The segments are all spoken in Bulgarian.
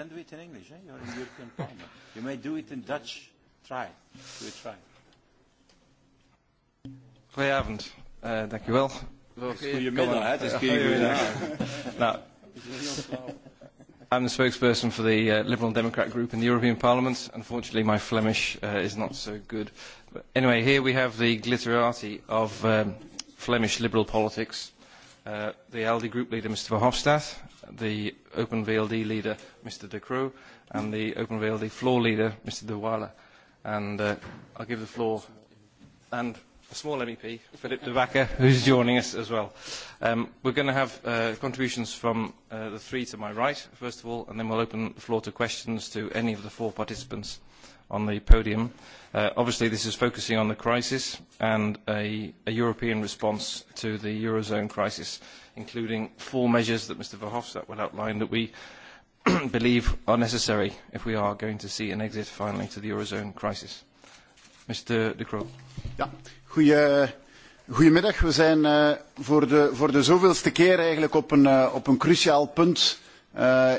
can do it in English. Eh? You're in the European Parliament. You may do it in Dutch. Try. Do it. Try. Goedenavond. Uh, dank u wel. Goedemiddag. Het is goedemiddag. Nou. I'm the spokesperson for the uh, Liberal Democrat group in the European Parliament. Unfortunately, my Flemish uh, is not so good. But anyway, here we have the glitterati of um, Flemish liberal politics the ALDE Group leader, Mr Verhofstadt, the Open VLD leader, Mr De Croo, and the Open VLD floor leader, Mr De Waala. And uh, I'll give the floor and a small MEP, Philip De Backer, who's joining us as well. Um, we're going to have uh, contributions from uh, the three to my right, first of all, and then we'll open the floor to questions to any of the four participants on the podium. obviously, this is focusing on the crisis and a, European response to the Eurozone crisis, including four measures that Mr Verhofstadt will outline that we believe are necessary if we are going to see an exit finally to the Eurozone crisis. Mr de Croo. goedemiddag. We zijn voor, de, zoveelste keer eigenlijk op een cruciaal punt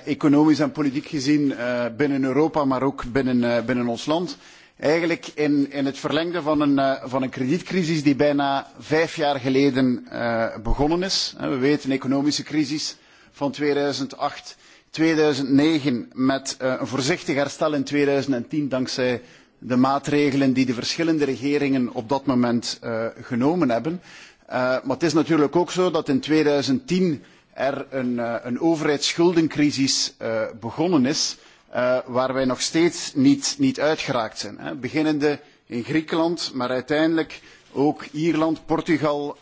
economisch en politiek gezien binnen Europa, maar ook binnen, ons land. Eigenlijk in, het verlengde van een, kredietcrisis die bijna vijf jaar geleden begonnen is. We weten de economische crisis van 2008, 2009 met een voorzichtig herstel in 2010 dankzij de maatregelen die de verschillende regeringen op dat moment genomen hebben. maar het is natuurlijk ook zo dat in 2010 er een, overheidsschuldencrisis begonnen is waar wij nog steeds niet, uitgeraakt zijn. Beginnende in Griekenland, maar uiteindelijk ook Ierland, Portugal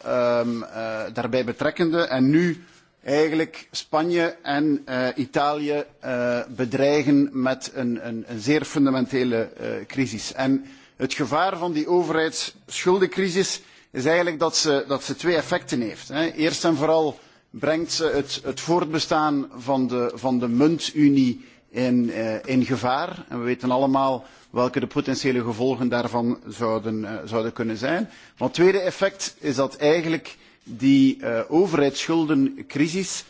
daarbij betrekkende en nu eigenlijk Spanje en Italië bedreigen met een, zeer fundamentele crisis. het gevaar van die overheidsschuldencrisis is eigenlijk dat ze, twee effecten heeft. Eerst en vooral brengt het, voortbestaan van de, muntunie in, gevaar. En we weten allemaal welke de potentiële gevolgen daarvan zouden, kunnen zijn. Maar het tweede effect is dat eigenlijk die overheidsschuldencrisis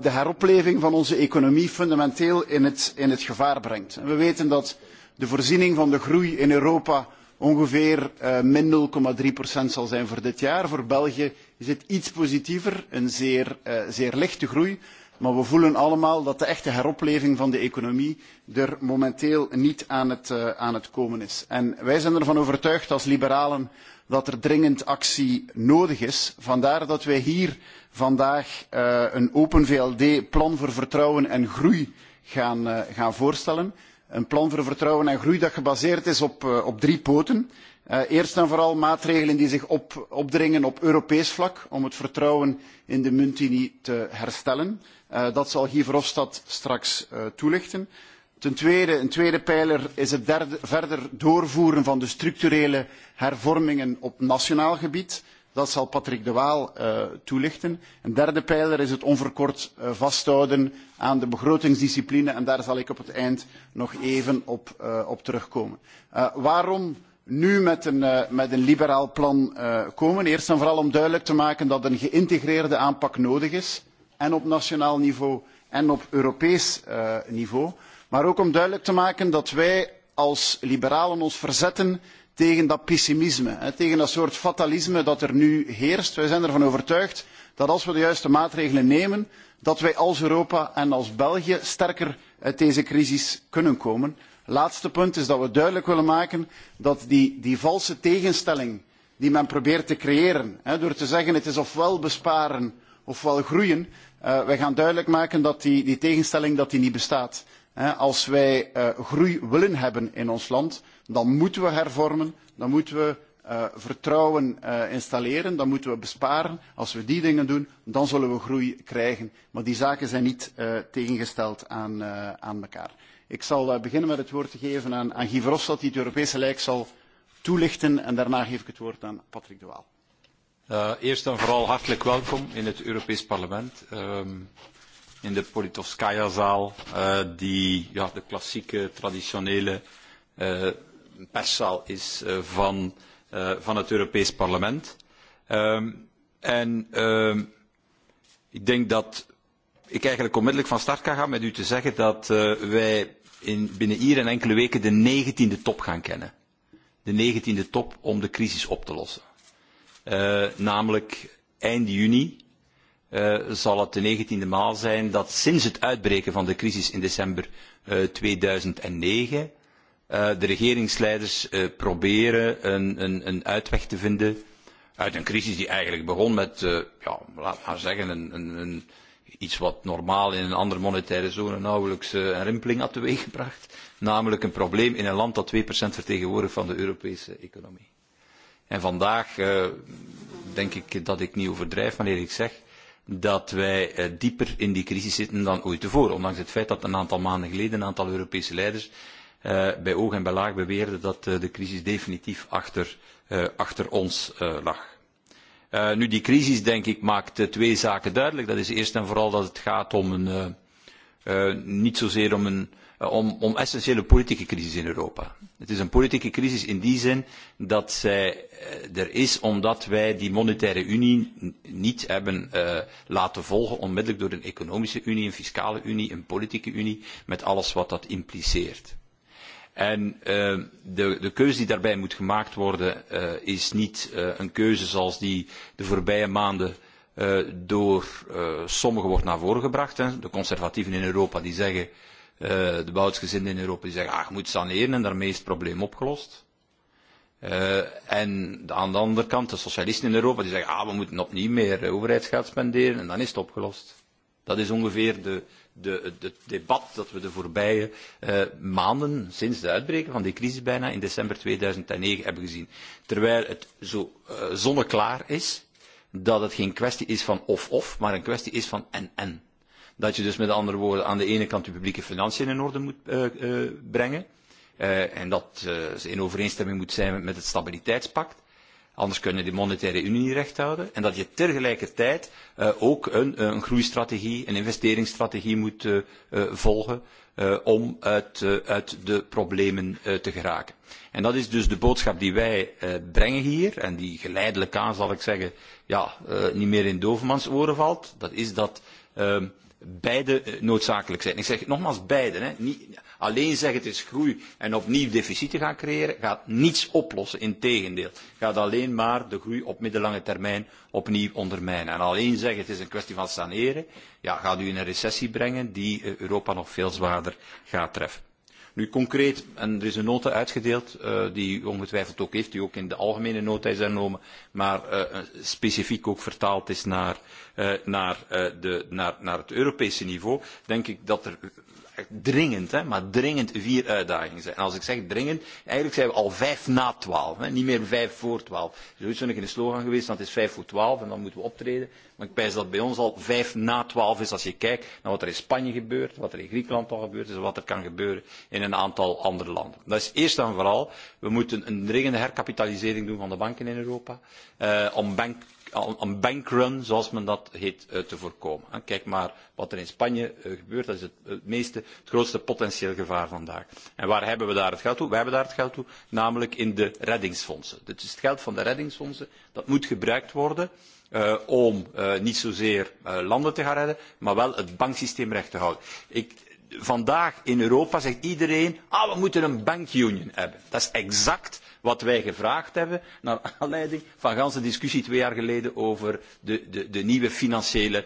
de heropleving van onze economie fundamenteel in het, gevaar brengt. we weten dat de voorziening van de groei in Europa ongeveer min nul drie procent zal zijn voor dit jaar. Voor België is het iets positiever, een zeer, zeer lichte groei. Maar we voelen allemaal dat de echte heropleving van de economie er momenteel niet aan het, komen is. En wij zijn ervan overtuigd als liberalen dat er dringend actie nodig is. Vandaar dat wij hier vandaag een Open VLD plan voor vertrouwen en groei gaan, voorstellen. Een plan voor vertrouwen en groei dat gebaseerd is op, drie poten eerst en vooral maatregelen die zich opdringen op Europees vlak om het vertrouwen in de muntunie te herstellen. dat zal Guy Verhofstadt straks toelichten. Ten tweede, een tweede pijler is het verder doorvoeren van de structurele hervormingen op nationaal gebied. Dat zal Patrick de Waal toelichten. Een derde pijler is het onverkort vasthouden aan de begrotingsdiscipline. En daar zal ik op het eind nog even op, terugkomen. waarom nu met een, liberaal plan komen. Eerst en vooral om duidelijk te maken dat een geïntegreerde aanpak nodig is. En op nationaal niveau en op Europees niveau. Maar ook om duidelijk te maken dat wij als liberalen ons verzetten tegen dat pessimisme, tegen dat soort fatalisme dat er nu heerst. Wij zijn ervan overtuigd dat als we de juiste maatregelen nemen, dat wij als Europa en als België sterker uit deze crisis kunnen komen laatste punt is dat we duidelijk willen maken dat die, valse tegenstelling die men probeert te creëren, door te zeggen het is ofwel besparen ofwel groeien, wij gaan duidelijk maken dat die, tegenstelling niet bestaat. Als wij groei willen hebben in ons land, dan moeten we hervormen, dan moeten we vertrouwen installeren, dan moeten we besparen. Als we die dingen doen, dan zullen we groei krijgen. Maar die zaken zijn niet tegengesteld aan elkaar. Ik zal beginnen met het woord te geven aan, aan Guy Verhofstadt, die het Europese lijk zal toelichten. En daarna geef ik het woord aan Patrick de Waal. Uh, eerst en vooral hartelijk welkom in het Europees Parlement. Um, in de Politovskaya-zaal, uh, die ja, de klassieke, traditionele uh, perszaal is uh, van, uh, van het Europees Parlement. Um, en um, ik denk dat ik eigenlijk onmiddellijk van start kan gaan met u te zeggen dat wij in, binnen hier en enkele weken de negentiende top gaan kennen. De negentiende top om de crisis op te lossen. Uh, namelijk eind juni uh, zal het de negentiende maal zijn dat sinds het uitbreken van de crisis in december uh, 2009 uh, de regeringsleiders uh, proberen een, een, een uitweg te vinden uit een crisis die eigenlijk begon met, uh, ja, laat maar zeggen, een, een, een iets wat normaal in een andere monetaire zone nauwelijks een rimpeling had teweeggebracht, namelijk een probleem in een land dat 2% vertegenwoordigt van de Europese economie. En vandaag denk ik dat ik niet overdrijf wanneer ik zeg dat wij dieper in die crisis zitten dan ooit tevoren, ondanks het feit dat een aantal maanden geleden een aantal Europese leiders bij oog en bij laag beweerden dat de crisis definitief achter, ons lag nu, die crisis, denk ik, maakt twee zaken duidelijk. Dat is eerst en vooral dat het gaat om een, niet zozeer om een om, essentiële politieke crisis in Europa. Het is een politieke crisis in die zin dat zij er is omdat wij die monetaire unie niet hebben laten volgen onmiddellijk door een economische unie, een fiscale unie, een politieke unie, met alles wat dat impliceert. En de, keuze die daarbij moet gemaakt worden is niet een keuze zoals die de voorbije maanden door sommigen wordt naar voren gebracht. De conservatieven in Europa die zeggen, de bouwtsgezinden in Europa die zeggen, ah, je moet saneren en daarmee is het probleem opgelost. en aan de andere kant de socialisten in Europa die zeggen, ah, we moeten opnieuw meer overheidsgeld spenderen en dan is het opgelost. Dat is ongeveer de, het debat dat we de voorbije maanden sinds de uitbreken van die crisis bijna in december 2009 hebben gezien. Terwijl het zo zonneklaar is dat het geen kwestie is van of-of, maar een kwestie is van en-en. Dat je dus met andere woorden aan de ene kant de publieke financiën in orde moet brengen en dat ze in overeenstemming moet zijn met het stabiliteitspact Anders kun je de monetaire unie niet recht houden. En dat je tegelijkertijd ook een, groeistrategie, een investeringsstrategie moet volgen om uit, de problemen te geraken. En dat is dus de boodschap die wij brengen hier en die geleidelijk aan, zal ik zeggen, ja, niet meer in Dovermans oren valt. Dat is dat beide noodzakelijk zijn. Ik zeg nogmaals beide. Hè. Niet, Alleen zeggen het is groei en opnieuw deficieten gaan creëren gaat niets oplossen. Integendeel, gaat alleen maar de groei op middellange termijn opnieuw ondermijnen. En alleen zeggen het is een kwestie van saneren, ja, gaat u in een recessie brengen die Europa nog veel zwaarder gaat treffen. Nu concreet, en er is een nota uitgedeeld die u ongetwijfeld ook heeft, die ook in de algemene nota is hernomen, maar specifiek ook vertaald is naar, het Europese niveau, denk ik dat er echt dringend, hè, maar dringend vier uitdagingen zijn. En als ik zeg dringend, eigenlijk zijn we al vijf na twaalf, hè, niet meer vijf voor twaalf. Zoiets zou ik in de slogan geweest, want het is vijf voor twaalf en dan moeten we optreden. Maar ik pijs dat bij ons al vijf na twaalf is als je kijkt naar wat er in Spanje gebeurt, wat er in Griekenland al gebeurd is en wat er kan gebeuren in een aantal andere landen. Dat is eerst en vooral, we moeten een dringende herkapitalisering doen van de banken in Europa, om bank Een bankrun, zoals men dat heet, te voorkomen. Kijk maar wat er in Spanje gebeurt. Dat is het, meeste, het grootste potentieel gevaar vandaag. En waar hebben we daar het geld toe? We hebben daar het geld toe, namelijk in de reddingsfondsen. Dit is het geld van de reddingsfondsen. Dat moet gebruikt worden om niet zozeer landen te gaan redden, maar wel het banksysteem recht te houden. vandaag in Europa zegt iedereen, ah, we moeten een bankunion hebben. Dat is exact Wat wij gevraagd hebben, naar aanleiding van ganse discussie twee jaar geleden over de, nieuwe financiële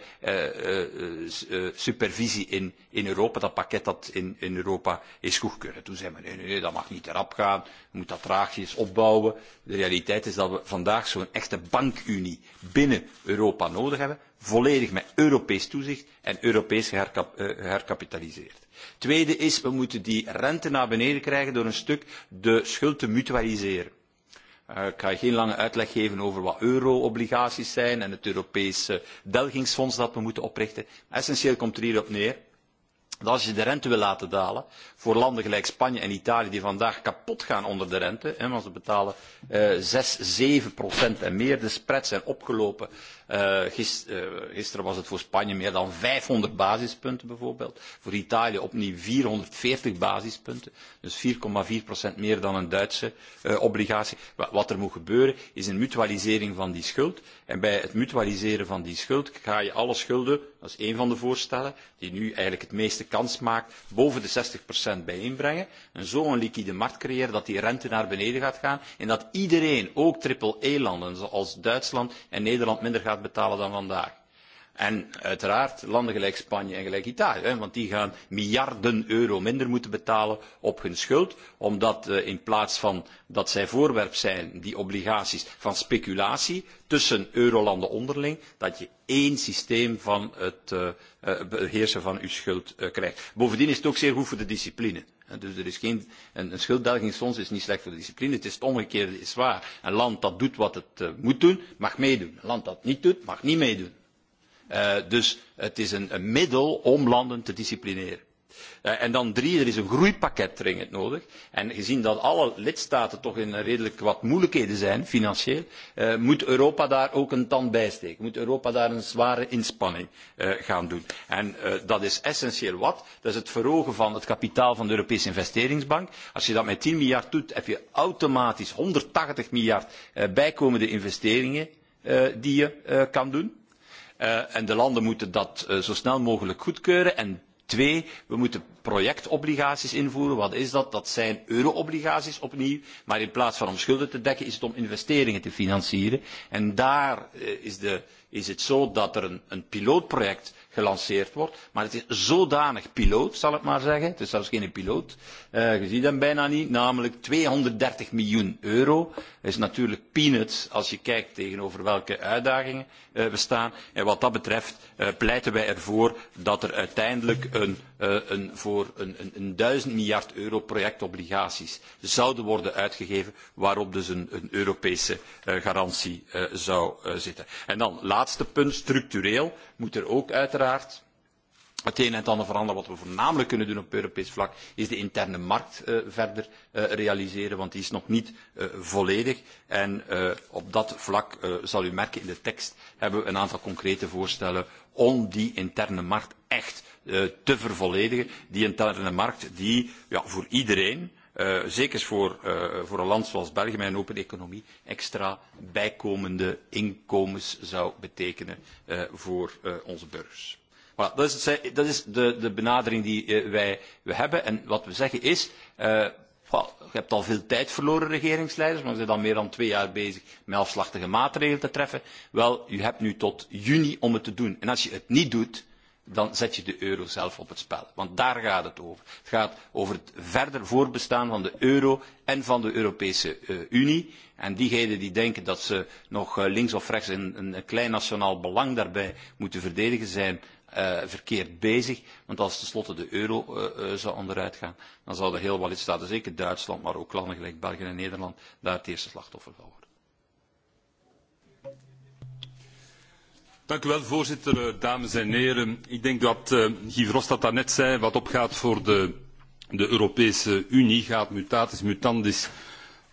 supervisie in, Europa, dat pakket dat in, Europa is goedgekeurd. Toen zeiden we, nee, nee, dat mag niet erop gaan, we moeten dat traagjes opbouwen. De realiteit is dat we vandaag zo'n echte bankunie binnen Europa nodig hebben, volledig met Europees toezicht en Europees geherkapitaliseerd. Het Tweede is, we moeten die rente naar beneden krijgen door een stuk de schuld te mutualiseren. Ik ga geen lange uitleg geven over wat euro-obligaties zijn en het Europese delgingsfonds dat we moeten oprichten. Essentieel komt er hierop neer dat als je de rente wil laten dalen voor landen gelijk Spanje en Italië die vandaag kapot gaan onder de rente, want ze betalen zes, zeven procent en meer, de spreads zijn opgelopen gisteren was het voor Spanje meer dan 500 basispunten bijvoorbeeld. Voor Italië opnieuw 440 basispunten. Dus 4,4% meer dan een Duitse obligatie. Wat er moet gebeuren is een mutualisering van die schuld. En bij het mutualiseren van die schuld ga je alle schulden, dat is één van de voorstellen, die nu eigenlijk het meeste kans maakt, boven de 60% bijeenbrengen. En zo een liquide markt creëren dat die rente naar beneden gaat gaan. En dat iedereen, ook triple E-landen zoals Duitsland en Nederland, minder gaat gaat betalen dan vandaag. En uiteraard landen gelijk Spanje en gelijk Italië, want die gaan miljarden euro minder moeten betalen op hun schuld, omdat in plaats van dat zij voorwerp zijn, die obligaties, van speculatie tussen eurolanden onderling, dat je één systeem van het beheersen van uw schuld krijgt. Bovendien is het ook zeer goed voor de discipline. Dus er is geen, een, een schulddelgingsfonds is niet slecht voor de discipline. Het is het omgekeerde is waar. Een land dat doet wat het moet doen, mag meedoen. Een land dat niet doet, mag niet meedoen. dus het is een, middel om landen te disciplineren en dan drie, er is een groeipakket dringend nodig. En gezien dat alle lidstaten toch in redelijk wat moeilijkheden zijn, financieel, moet Europa daar ook een tand bij steken. Moet Europa daar een zware inspanning gaan doen. En dat is essentieel wat? Dat is het verhogen van het kapitaal van de Europese investeringsbank. Als je dat met tien miljard doet, heb je automatisch 180 miljard bijkomende investeringen die je kan doen. en de landen moeten dat zo snel mogelijk goedkeuren. En Twee, we moeten projectobligaties invoeren. Wat is dat? Dat zijn euro-obligaties opnieuw. Maar in plaats van om schulden te dekken, is het om investeringen te financieren. En daar is, het zo dat er een, pilootproject gelanceerd wordt. Maar het is zodanig piloot, zal ik maar zeggen. Het is zelfs geen piloot. je ziet hem bijna niet. Namelijk 230 miljoen euro. Dat is natuurlijk peanuts als je kijkt tegenover welke uitdagingen we staan. En wat dat betreft pleiten wij ervoor dat er uiteindelijk een voor een, duizend miljard euro projectobligaties zouden worden uitgegeven, waarop dus een, Europese garantie zou zitten. En dan, laatste punt, structureel moet er ook uiteraard het een en het ander veranderen. Wat we voornamelijk kunnen doen op Europees vlak is de interne markt verder realiseren, want die is nog niet volledig. En op dat vlak, zal u merken in de tekst, hebben we een aantal concrete voorstellen om die interne markt echt te vervolledigen. Die interne markt die voor iedereen, zeker voor, een land zoals België met een open economie, extra bijkomende inkomens zou betekenen voor onze burgers. dat is, de, benadering die wij hebben. En wat we zeggen is, je hebt al veel tijd verloren, regeringsleiders, maar we zijn al meer dan twee jaar bezig met afslachtige maatregelen te treffen. Wel, je hebt nu tot juni om het te doen. En als je het niet doet, dan zet je de euro zelf op het spel. Want daar gaat het over. Het gaat over het verder voorbestaan van de euro en van de Europese Unie. En diegenen die denken dat ze nog links of rechts een, klein nationaal belang daarbij moeten verdedigen, zijn verkeerd bezig. Want als tenslotte de euro zou onderuit gaan, dan zouden heel wat lidstaten, zeker Duitsland, maar ook landen gelijk België en Nederland, daar het eerste slachtoffer van worden. voorzitter. Dames en heren, ik denk dat Guy Verhofstadt daarnet zei. Wat opgaat voor de, Europese Unie gaat mutatis mutandis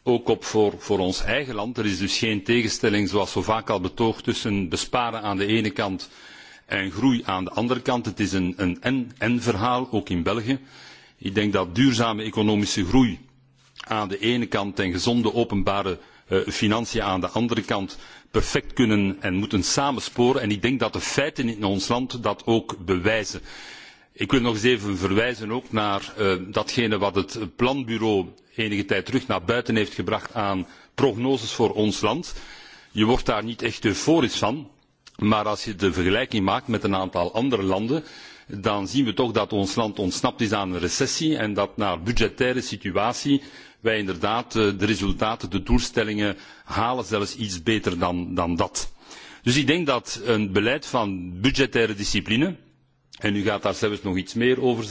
ook op voor, ons eigen land. Er is dus geen tegenstelling, zoals zo vaak al betoogd, tussen besparen aan de ene kant en groei aan de andere kant. Het is een en-en verhaal, ook in België. Ik denk dat duurzame economische groei aan de ene kant en gezonde openbare financiën aan de andere kant perfect kunnen en moeten samensporen. En ik denk dat de feiten in ons land dat ook bewijzen. Ik wil nog eens even verwijzen ook naar datgene wat het planbureau enige tijd terug naar buiten heeft gebracht aan prognoses voor ons land. Je wordt daar niet echt euforisch van, maar als je de vergelijking maakt met een aantal andere landen, dan zien we toch dat ons land ontsnapt is aan een recessie en dat naar budgettaire situatie wij inderdaad de resultaten, de doelstellingen halen, zelfs iets beter dan, dat. Dus ik denk dat een beleid van budgettaire discipline, en u gaat daar zelfs nog iets meer over,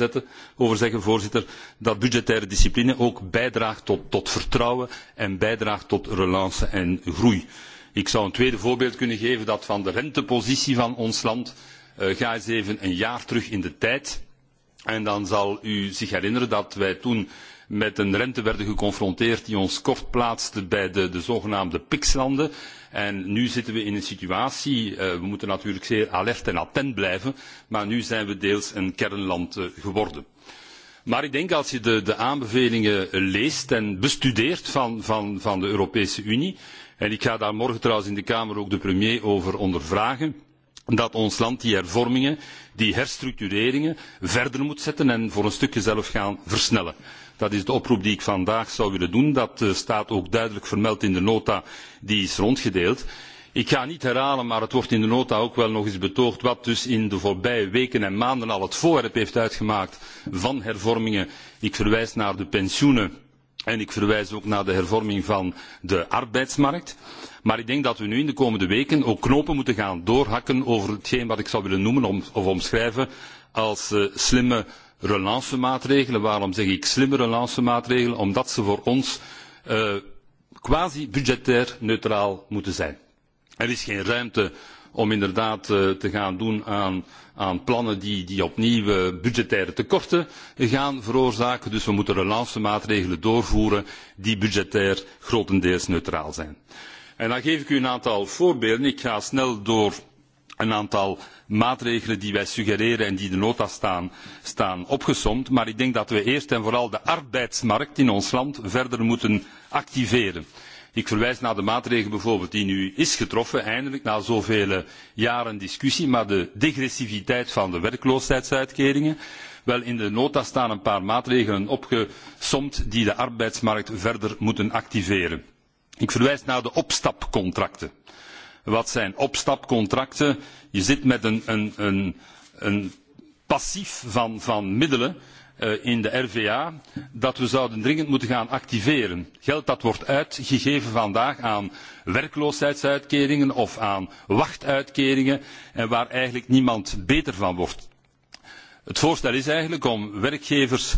zeggen, voorzitter, dat budgettaire discipline ook bijdraagt tot, vertrouwen en bijdraagt tot relance en groei. Ik zou een tweede voorbeeld kunnen geven, dat van de rentepositie van ons land ga eens even een jaar terug in de tijd. En dan zal u zich herinneren dat wij toen met een rente werden geconfronteerd die ons kort plaatste bij de, de zogenaamde PIX-landen. En nu zitten we in een situatie, we moeten natuurlijk zeer alert en attent blijven, maar nu zijn we deels een kernland geworden. Maar ik denk als je de, aanbevelingen leest en bestudeert van, de Europese Unie, en ik ga daar morgen trouwens in de Kamer ook de premier over ondervragen, dat ons land die hervormingen, die herstructureringen verder moet zetten en voor een stukje zelf gaan versnellen. Dat is de oproep die ik vandaag zou willen doen. Dat staat ook duidelijk vermeld in de nota die is rondgedeeld. Ik ga niet herhalen, maar het wordt in de nota ook wel nog eens betoogd wat dus in de voorbije weken en maanden al het voorwerp heeft uitgemaakt van hervormingen. Ik verwijs naar de pensioenen En ik verwijs ook naar de hervorming van de arbeidsmarkt. Maar ik denk dat we nu in de komende weken ook knopen moeten gaan doorhakken over hetgeen wat ik zou willen noemen of omschrijven als slimme relancemaatregelen. Waarom zeg ik slimme relancemaatregelen? Omdat ze voor ons quasi budgetair neutraal moeten zijn. Er is geen ruimte om inderdaad te gaan doen aan, plannen die, opnieuw budgettaire tekorten gaan veroorzaken. Dus we moeten relancemaatregelen doorvoeren die budgettair grotendeels neutraal zijn. En dan geef ik u een aantal voorbeelden. Ik ga snel door een aantal maatregelen die wij suggereren en die in de nota staan, staan opgesomd. Maar ik denk dat we eerst en vooral de arbeidsmarkt in ons land verder moeten activeren. Ik verwijs naar de maatregel bijvoorbeeld die nu is getroffen, eindelijk na zoveel jaren discussie, maar de degressiviteit van de werkloosheidsuitkeringen. Wel, in de nota staan een paar maatregelen opgesomd die de arbeidsmarkt verder moeten activeren. Ik verwijs naar de opstapcontracten. Wat zijn opstapcontracten? Je zit met een, passief van middelen in de RVA dat we zouden dringend moeten gaan activeren. Geld dat wordt uitgegeven vandaag aan werkloosheidsuitkeringen of aan wachtuitkeringen en waar eigenlijk niemand beter van wordt. Het voorstel is eigenlijk om werkgevers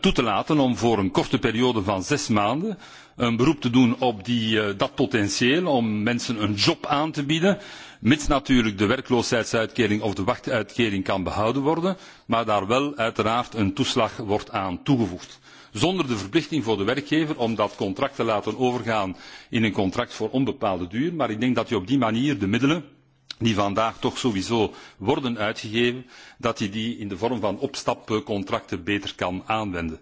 toe te laten om voor een korte periode van zes maanden een beroep te doen op dat potentieel om mensen een job aan te bieden mits natuurlijk de werkloosheidsuitkering of de wachtuitkering kan behouden worden, maar daar wel uiteraard een toeslag wordt aan toegevoegd. Zonder de verplichting voor de werkgever om dat contract te laten overgaan in een contract voor onbepaalde duur, maar ik denk dat je op die manier de middelen die vandaag toch sowieso worden uitgegeven, dat je die in de vorm van opstapcontracten beter kan aanwenden.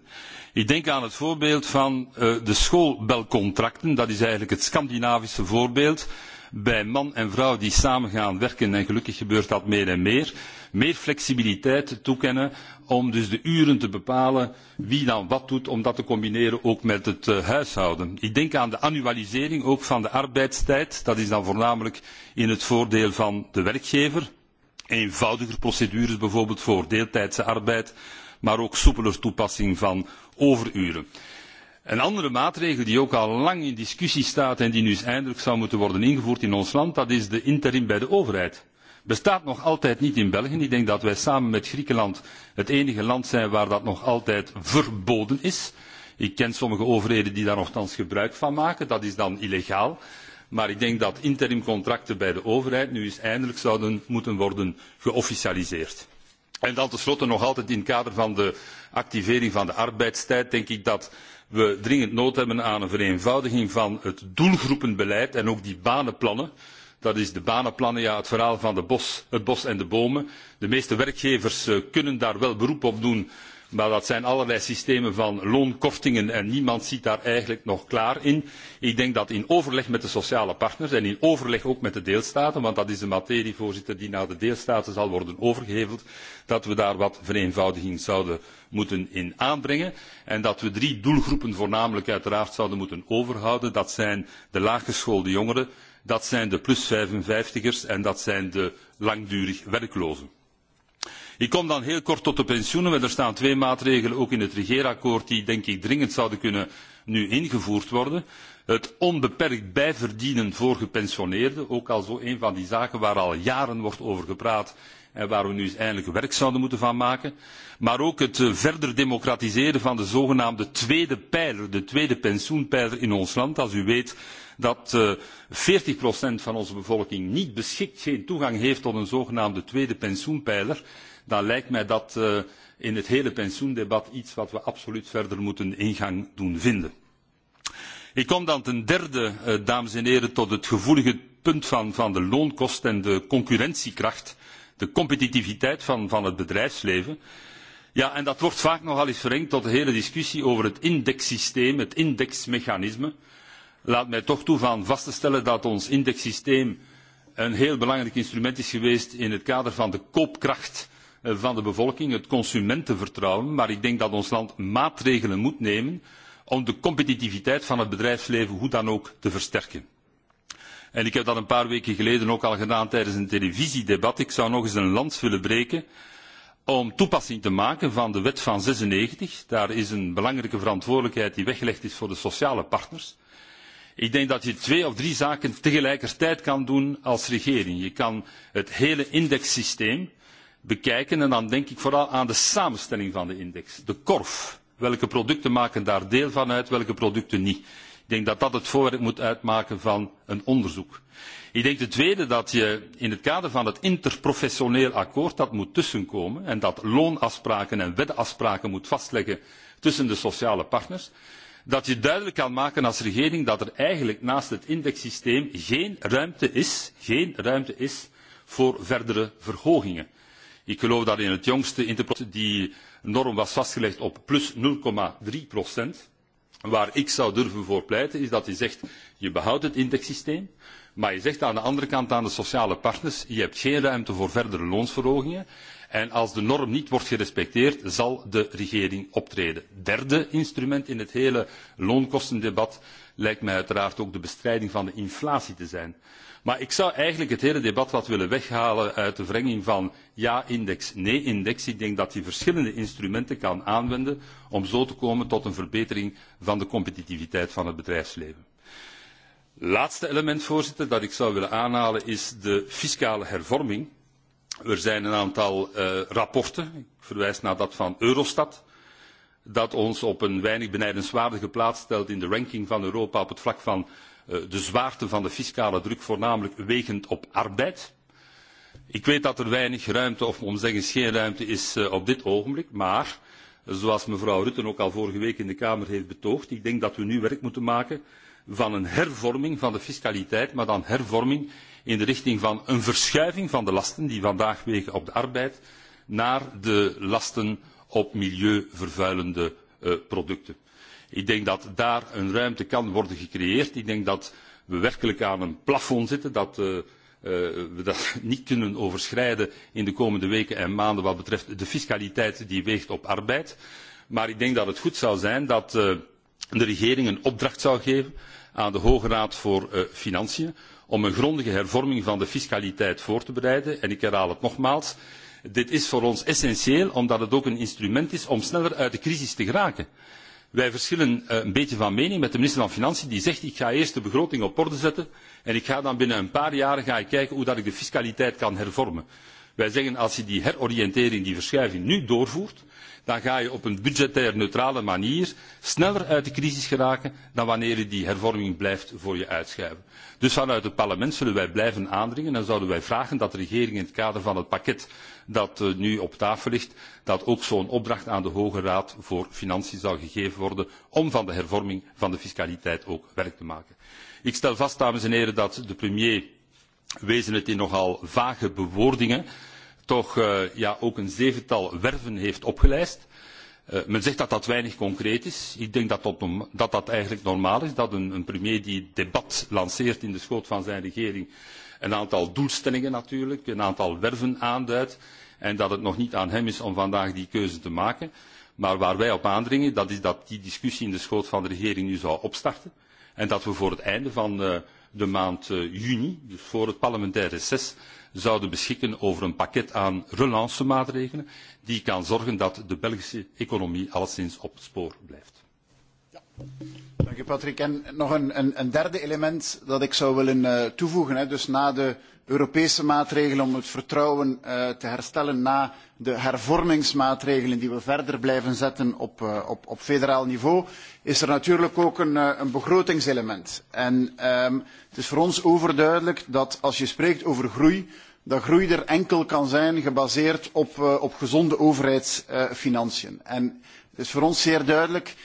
Ik denk aan het voorbeeld van de schoolbelcontracten. Dat is eigenlijk het Scandinavische voorbeeld bij man en vrouw die samen gaan werken en gelukkig gebeurt dat meer en meer, meer flexibiliteit toekennen om dus de uren te bepalen wie dan wat doet, om dat te combineren ook met het huishouden. Ik denk aan de annualisering ook van de arbeidstijd. Dat is dan voornamelijk in het voordeel van de werkgever. Eenvoudiger procedures bijvoorbeeld voor deeltijdse arbeid, maar ook soepeler toepassing van overuren. Een andere maatregel die ook al lang in discussie staat en die nu eens eindelijk zou moeten worden ingevoerd in ons land, dat is de interim bij de overheid. Bestaat nog altijd niet in België. Ik denk dat wij samen met Griekenland het enige land zijn waar dat nog altijd verboden is. Ik ken sommige overheden die daar nogthans gebruik van maken. Dat is dan illegaal. Maar ik denk dat interimcontracten bij de overheid nu eens eindelijk zouden moeten worden geofficialiseerd. En dan tenslotte nog altijd in het kader van de activering van de arbeidstijd denk ik dat we dringend nood hebben aan een vereenvoudiging van het doelgroepenbeleid en ook die banenplannen. Dat is de banenplannen, ja, het verhaal van het bos en de bomen. De meeste werkgevers kunnen daar wel beroep op doen Maar dat zijn allerlei systemen van loonkortingen en niemand ziet daar eigenlijk nog klaar in. Ik denk dat in overleg met de sociale partners en in overleg ook met de deelstaten, want dat is een materie, voorzitter, die naar de deelstaten zal worden overgeheveld, dat we daar wat vereenvoudiging zouden moeten in aanbrengen. En dat we drie doelgroepen voornamelijk uiteraard zouden moeten overhouden. Dat zijn de laaggeschoolde jongeren, dat zijn de plus 55ers en dat zijn de langdurig werklozen ik kom dan heel kort tot de pensioenen want er staan twee maatregelen ook in het regeerakkoord die denk ik dringend zouden kunnen nu ingevoerd worden het onbeperkt bijverdienen voor gepensioneerden ook al zo een van die zaken waar al jaren wordt over gepraat en waar we nu eens eindelijk werk zouden moeten van maken maar ook het verder democratiseren van de zogenaamde tweede pijler de tweede pensioenpijler in ons land. als u weet dat veertig procent van onze bevolking niet beschikt geen toegang heeft tot een zogenaamde tweede pensioenpijler dan lijkt mij dat in het hele pensioendebat iets wat we absoluut verder moeten ingang doen vinden. Ik kom dan ten derde, dames en heren, tot het gevoelige punt van, de loonkost en de concurrentiekracht, de competitiviteit van, het bedrijfsleven. Ja, en dat wordt vaak nogal eens verengd tot de hele discussie over het indexsysteem, het indexmechanisme. Laat mij toch toe van vast te stellen dat ons indexsysteem een heel belangrijk instrument is geweest in het kader van de koopkracht van de bevolking, het consumentenvertrouwen. Maar ik denk dat ons land maatregelen moet nemen om de competitiviteit van het bedrijfsleven hoe dan ook te versterken. En ik heb dat een paar weken geleden ook al gedaan tijdens een televisiedebat. Ik zou nog eens een lans willen breken om toepassing te maken van de wet van 96. Daar is een belangrijke verantwoordelijkheid die weggelegd is voor de sociale partners. Ik denk dat je twee of drie zaken tegelijkertijd kan doen als regering. Je kan het hele indexsysteem bekijken. En dan denk ik vooral aan de samenstelling van de index, de korf. Welke producten maken daar deel van uit, welke producten niet? Ik denk dat dat het voorwerp moet uitmaken van een onderzoek. Ik denk ten tweede dat je in het kader van het interprofessioneel akkoord dat moet tussenkomen en dat loonafspraken en weddenafspraken moet vastleggen tussen de sociale partners, dat je duidelijk kan maken als regering dat er eigenlijk naast het indexsysteem geen ruimte is, geen ruimte is voor verdere verhogingen. Ik geloof dat in het jongste interplot die norm was vastgelegd op plus nul drie procent. Waar ik zou durven voor pleiten is dat je zegt, je behoudt het indexsysteem, maar je zegt aan de andere kant aan de sociale partners, je hebt geen ruimte voor verdere loonsverhogingen. En als de norm niet wordt gerespecteerd, zal de regering optreden. Derde instrument in het hele loonkostendebat lijkt mij uiteraard ook de bestrijding van de inflatie te zijn. Maar ik zou eigenlijk het hele debat wat willen weghalen uit de verenging van ja-index, nee-index. Ik denk dat je verschillende instrumenten kan aanwenden om zo te komen tot een verbetering van de competitiviteit van het bedrijfsleven. Laatste element, voorzitter, dat ik zou willen aanhalen is de fiscale hervorming. Er zijn een aantal rapporten, ik verwijs naar dat van Eurostat, dat ons op een weinig benijdenswaardige plaats stelt in de ranking van Europa op het vlak van de zwaarte van de fiscale druk voornamelijk wegend op arbeid. Ik weet dat er weinig ruimte, of om te zeggen geen ruimte is op dit ogenblik, maar zoals mevrouw Rutten ook al vorige week in de Kamer heeft betoogd, ik denk dat we nu werk moeten maken van een hervorming van de fiscaliteit, maar dan hervorming in de richting van een verschuiving van de lasten die vandaag wegen op de arbeid naar de lasten op milieuvervuilende producten. Ik denk dat daar een ruimte kan worden gecreëerd. Ik denk dat we werkelijk aan een plafond zitten, dat we dat niet kunnen overschrijden in de komende weken en maanden wat betreft de fiscaliteit die weegt op arbeid. Maar ik denk dat het goed zou zijn dat de regering een opdracht zou geven aan de Hoge Raad voor Financiën om een grondige hervorming van de fiscaliteit voor te bereiden. En ik herhaal het nogmaals, dit is voor ons essentieel omdat het ook een instrument is om sneller uit de crisis te geraken. Wij verschillen een beetje van mening met de minister van Financiën die zegt ik ga eerst de begroting op orde zetten en ik ga dan binnen een paar jaar kijken hoe ik de fiscaliteit kan hervormen. Wij zeggen als je die heroriëntering, die verschuiving nu doorvoert, dan ga je op een budgetair neutrale manier sneller uit de crisis geraken dan wanneer je die hervorming blijft voor je uitschuiven. Dus vanuit het parlement zullen wij blijven aandringen en zouden wij vragen dat de regering in het kader van het pakket dat nu op tafel ligt, dat ook zo'n opdracht aan de Hoge Raad voor Financiën zou gegeven worden om van de hervorming van de fiscaliteit ook werk te maken. Ik stel vast, dames en heren, dat de premier wezen het in nogal vage bewoordingen toch ook een zevental werven heeft opgeleist. Men zegt dat dat weinig concreet is. Ik denk dat dat, eigenlijk normaal is, dat een, premier die het debat lanceert in de schoot van zijn regering een aantal doelstellingen natuurlijk, een aantal werven aanduidt en dat het nog niet aan hem is om vandaag die keuze te maken. Maar waar wij op aandringen, dat is dat die discussie in de schoot van de regering nu zou opstarten en dat we voor het einde van de maand juni, dus voor het parlementair reces, zouden beschikken over een pakket aan relance maatregelen die kan zorgen dat de Belgische economie alleszins op het spoor blijft. Dank u Patrick. En nog een, derde element dat ik zou willen toevoegen. Dus na de Europese maatregelen om het vertrouwen te herstellen, na de hervormingsmaatregelen die we verder blijven zetten op, federaal niveau, is er natuurlijk ook een, begrotingselement. En het is voor ons overduidelijk dat als je spreekt over groei, dat groei er enkel kan zijn gebaseerd op, gezonde overheidsfinanciën. En het is voor ons zeer duidelijk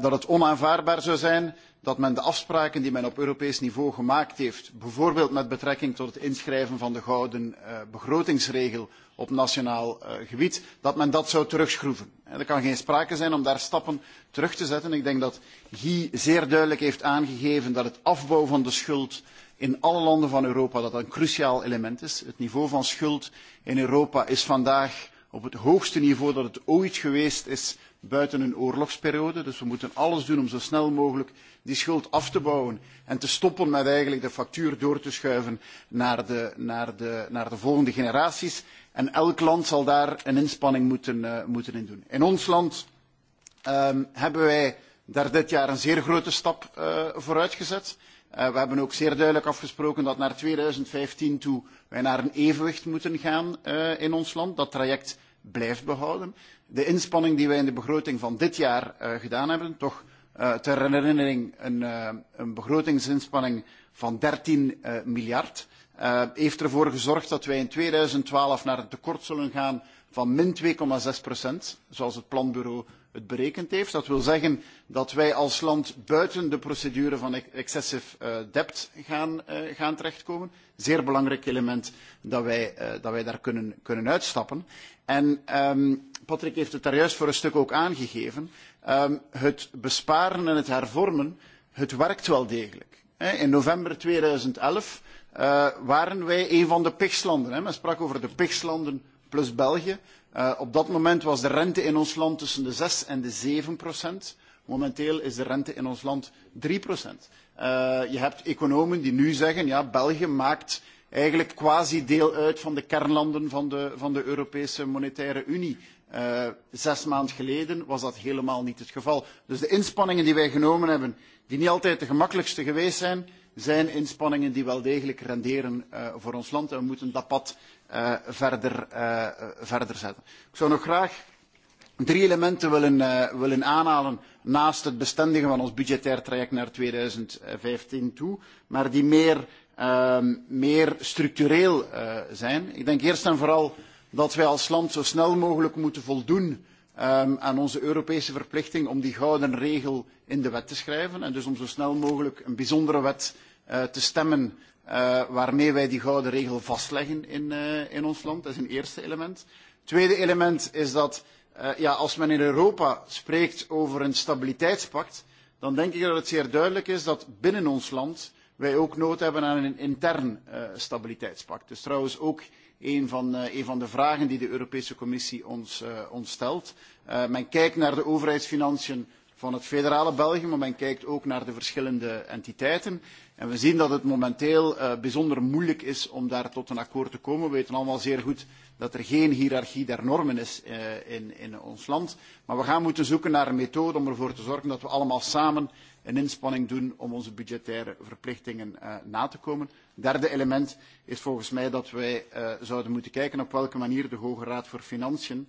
dat het onaanvaardbaar zou zijn dat men de afspraken die men op Europees niveau gemaakt heeft, bijvoorbeeld met betrekking tot het inschrijven van de gouden begrotingsregel op nationaal gebied, dat men dat zou terugschroeven. Er kan geen sprake zijn om daar stappen terug te zetten. Ik denk dat Guy zeer duidelijk heeft aangegeven dat het afbouw van de schuld in alle landen van Europa dat een cruciaal element is. Het niveau van schuld in Europa is vandaag op het hoogste niveau dat het ooit geweest is buiten een oorlogsperiode. Dus we moeten alles doen om zo snel mogelijk die schuld af te bouwen en te stoppen met eigenlijk de factuur door te schuiven naar de, volgende generaties. En elk land zal daar een inspanning moeten, in doen. In ons land hebben wij daar dit jaar een zeer grote stap vooruit gezet. we hebben ook zeer duidelijk afgesproken dat naar 2015 toe wij naar een evenwicht moeten gaan in ons land. Dat traject blijft behouden de inspanning die wij in de begroting van dit jaar gedaan hebben, toch ter herinnering een, begrotingsinspanning van dertien miljard, heeft ervoor gezorgd dat wij in 2012 naar een tekort zullen gaan van min twee zes procent, zoals het planbureau het berekend heeft. Dat wil zeggen dat wij als land buiten de procedure van excessive debt gaan, terechtkomen. Zeer belangrijk element dat wij, daar kunnen, uitstappen. En Patrick heeft het daar juist voor een stuk ook aangegeven, het besparen en het hervormen, het werkt wel degelijk. In november 2011 waren wij een van de pigslanden. Men sprak over de pigslanden plus België. op dat moment was de rente in ons land tussen de zes en de zeven procent. Momenteel is de rente in ons land drie procent. je hebt economen die nu zeggen, ja, België maakt eigenlijk quasi deel uit van de kernlanden van de, Europese Monetaire Unie zes maanden geleden was dat helemaal niet het geval. Dus de inspanningen die wij genomen hebben, die niet altijd de gemakkelijkste geweest zijn, zijn inspanningen die wel degelijk renderen voor ons land. En we moeten dat pad verder, zetten. Ik zou nog graag drie elementen willen, aanhalen naast het bestendigen van ons budgettair traject naar 2015 toe, maar die meer, structureel zijn. Ik denk eerst en vooral dat wij als land zo snel mogelijk moeten voldoen aan onze Europese verplichting om die gouden regel in de wet te schrijven en dus om zo snel mogelijk een bijzondere wet te stemmen waarmee wij die gouden regel vastleggen in, ons land. Dat is een eerste element. Het tweede element is dat als men in Europa spreekt over een stabiliteitspact, dan denk ik dat het zeer duidelijk is dat binnen ons land wij ook nood hebben aan een intern stabiliteitspact. Dus trouwens ook een van, de vragen die de Europese Commissie ons, stelt. men kijkt naar de overheidsfinanciën van het federale België, maar men kijkt ook naar de verschillende entiteiten. En we zien dat het momenteel bijzonder moeilijk is om daar tot een akkoord te komen. We weten allemaal zeer goed dat er geen hiërarchie der normen is in, ons land. Maar we gaan moeten zoeken naar een methode om ervoor te zorgen dat we allemaal samen een inspanning doen om onze budgettaire verplichtingen na te komen derde element is volgens mij dat wij zouden moeten kijken op welke manier de Hoge Raad voor Financiën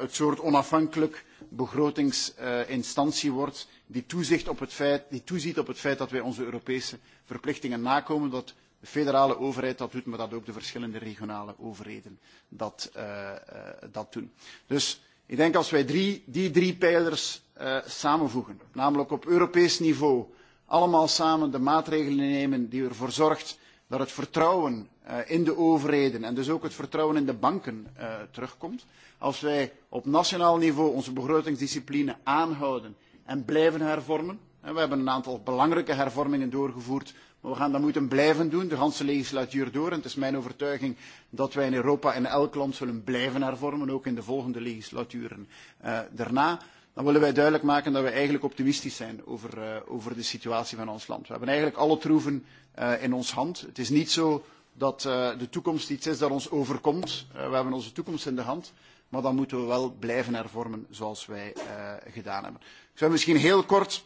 het soort onafhankelijk begrotingsinstantie wordt die, toezicht op het feit, die toeziet op het feit dat wij onze Europese verplichtingen nakomen, dat de federale overheid dat doet, maar dat ook de verschillende regionale overheden dat, doen. Dus ik denk als wij die drie pijlers samenvoegen, namelijk op Europees niveau allemaal samen de maatregelen nemen die ervoor zorgt dat het vertrouwen in de overheden en dus ook het vertrouwen in de banken terugkomt. Als wij op nationaal niveau onze begrotingsdiscipline aanhouden en blijven hervormen, en we hebben een aantal belangrijke hervormingen doorgevoerd, maar we gaan dat moeten blijven doen, de hele legislatuur door. En het is mijn overtuiging dat wij in Europa in elk land zullen blijven hervormen, ook in de volgende legislaturen daarna dan willen wij duidelijk maken dat we eigenlijk optimistisch zijn over, de situatie van ons land. We hebben eigenlijk alle troeven in onze hand. Het is niet zo dat de toekomst iets is dat ons overkomt. we hebben onze toekomst in de hand. Maar dan moeten we wel blijven hervormen zoals wij gedaan hebben. Ik zou misschien heel kort,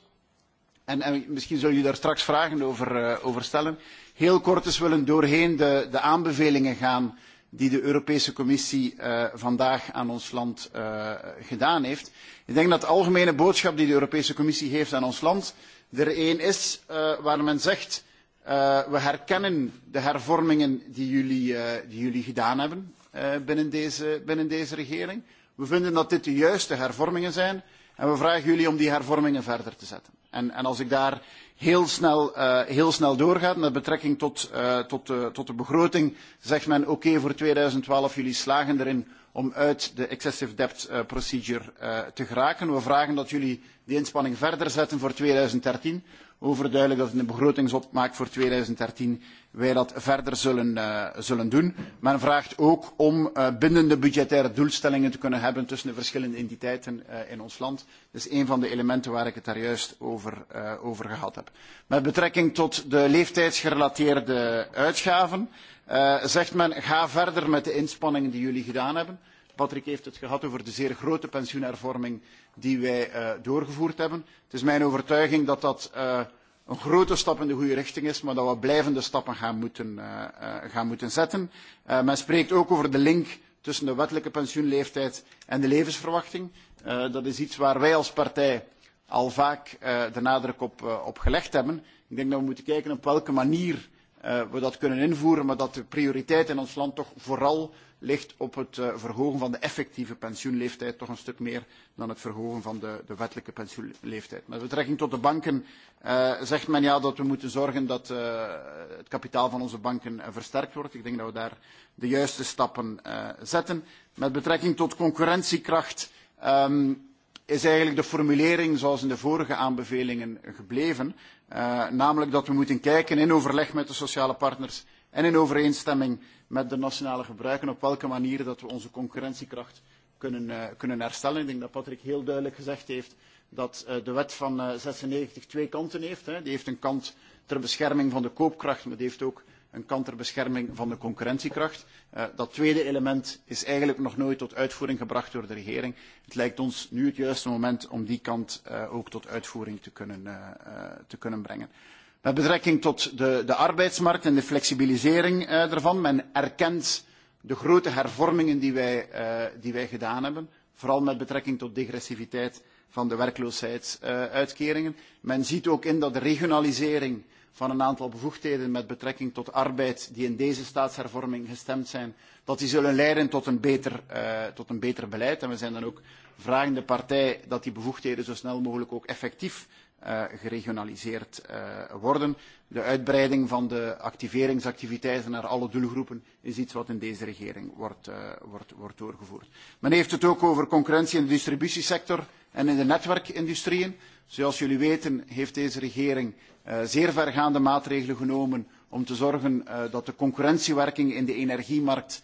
en, misschien zullen jullie daar straks vragen over, stellen, heel kort eens willen doorheen de, aanbevelingen gaan die de Europese Commissie vandaag aan ons land gedaan heeft. Ik denk dat de algemene boodschap die de Europese Commissie heeft aan ons land er een is waar men zegt we herkennen de hervormingen die jullie, gedaan hebben binnen deze regering. We vinden dat dit de juiste hervormingen zijn. En we vragen jullie om die hervormingen verder te zetten. En, als ik daar heel snel, doorga, met betrekking tot, de begroting, zegt men oké voor 2012, jullie slagen erin om uit de excessive debt procedure te geraken. We vragen dat jullie die inspanning verder zetten voor 2013 overduidelijk dat in de begrotingsopmaak voor 2013 wij dat verder zullen, doen. Men vraagt ook om bindende budgettaire doelstellingen te kunnen hebben tussen de verschillende entiteiten in ons land. Dat is een van de elementen waar ik het daar juist over, gehad heb. Met betrekking tot de leeftijdsgerelateerde uitgaven zegt men ga verder met de inspanningen die jullie gedaan hebben. Patrick heeft het gehad over de zeer grote pensioenhervorming die wij doorgevoerd hebben. Het is mijn overtuiging dat dat een grote stap in de goede richting is, maar dat we blijvende stappen gaan moeten, zetten. men spreekt ook over de link tussen de wettelijke pensioenleeftijd en de levensverwachting. dat is iets waar wij als partij al vaak de nadruk op, gelegd hebben. Ik denk dat we moeten kijken op welke manier we dat kunnen invoeren, maar dat de prioriteit in ons land toch vooral ligt op het verhogen van de effectieve pensioenleeftijd toch een stuk meer dan het verhogen van de, wettelijke pensioenleeftijd. Met betrekking tot de banken zegt men ja, dat we moeten zorgen dat het kapitaal van onze banken versterkt wordt. Ik denk dat we daar de juiste stappen zetten. Met betrekking tot concurrentiekracht is eigenlijk de formulering zoals in de vorige aanbevelingen gebleven. namelijk dat we moeten kijken in overleg met de sociale partners en in overeenstemming met de nationale gebruiken, op welke manier dat we onze concurrentiekracht kunnen, kunnen herstellen. Ik denk dat Patrick heel duidelijk gezegd heeft dat de wet van 96 twee kanten heeft. Die heeft een kant ter bescherming van de koopkracht, maar die heeft ook een kant ter bescherming van de concurrentiekracht. dat tweede element is eigenlijk nog nooit tot uitvoering gebracht door de regering. Het lijkt ons nu het juiste moment om die kant ook tot uitvoering te kunnen, brengen. Met betrekking tot de, arbeidsmarkt en de flexibilisering daarvan. Men erkent de grote hervormingen die wij, gedaan hebben. Vooral met betrekking tot degressiviteit van de werkloosheidsuitkeringen. Men ziet ook in dat de regionalisering van een aantal bevoegdheden met betrekking tot arbeid die in deze staatshervorming gestemd zijn, dat die zullen leiden tot een beter, beleid. En we zijn dan ook vragende partij dat die bevoegdheden zo snel mogelijk ook effectief geregionaliseerd worden. De uitbreiding van de activeringsactiviteiten naar alle doelgroepen is iets wat in deze regering wordt, doorgevoerd. Men heeft het ook over concurrentie in de distributiesector en in de netwerkindustrieën. Zoals jullie weten heeft deze regering zeer vergaande maatregelen genomen om te zorgen dat de concurrentiewerking in de energiemarkt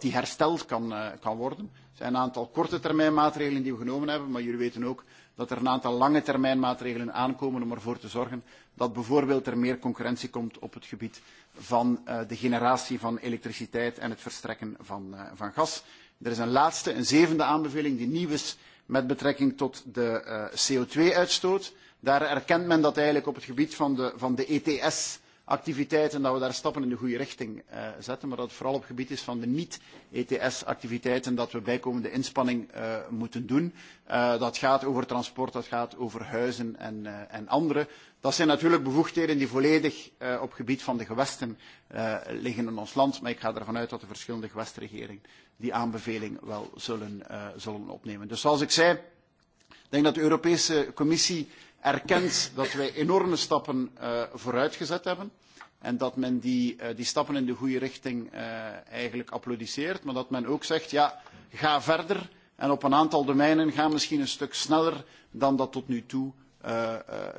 hersteld kan, worden. Er zijn een aantal korte termijn maatregelen die we genomen hebben, maar jullie weten ook dat er een aantal lange termijn maatregelen aankomen om ervoor te zorgen dat bijvoorbeeld er meer concurrentie komt op het gebied van de generatie van elektriciteit en het verstrekken van, gas. Er is een laatste, een zevende aanbeveling die nieuw is met betrekking tot de CO2-uitstoot. Daar erkent men dat eigenlijk op het gebied van de ETS activiteiten, dat we daar stappen in de goede richting zetten, maar dat het vooral op het gebied is van de niet-ETS-activiteiten dat we bijkomende inspanning moeten doen. dat gaat over transport, dat gaat over huizen en, andere. Dat zijn natuurlijk bevoegdheden die volledig op het gebied van de gewesten liggen in ons land, maar ik ga ervan uit dat de verschillende gewestregeringen die aanbeveling wel zullen, opnemen. Dus zoals ik zei, ik denk dat de Europese Commissie erkent dat wij enorme stappen vooruitgezet hebben en dat men die, stappen in de goede richting eigenlijk applaudisseert, maar dat men ook zegt, ja, ga verder en op een aantal domeinen ga misschien een stuk sneller dan dat tot nu toe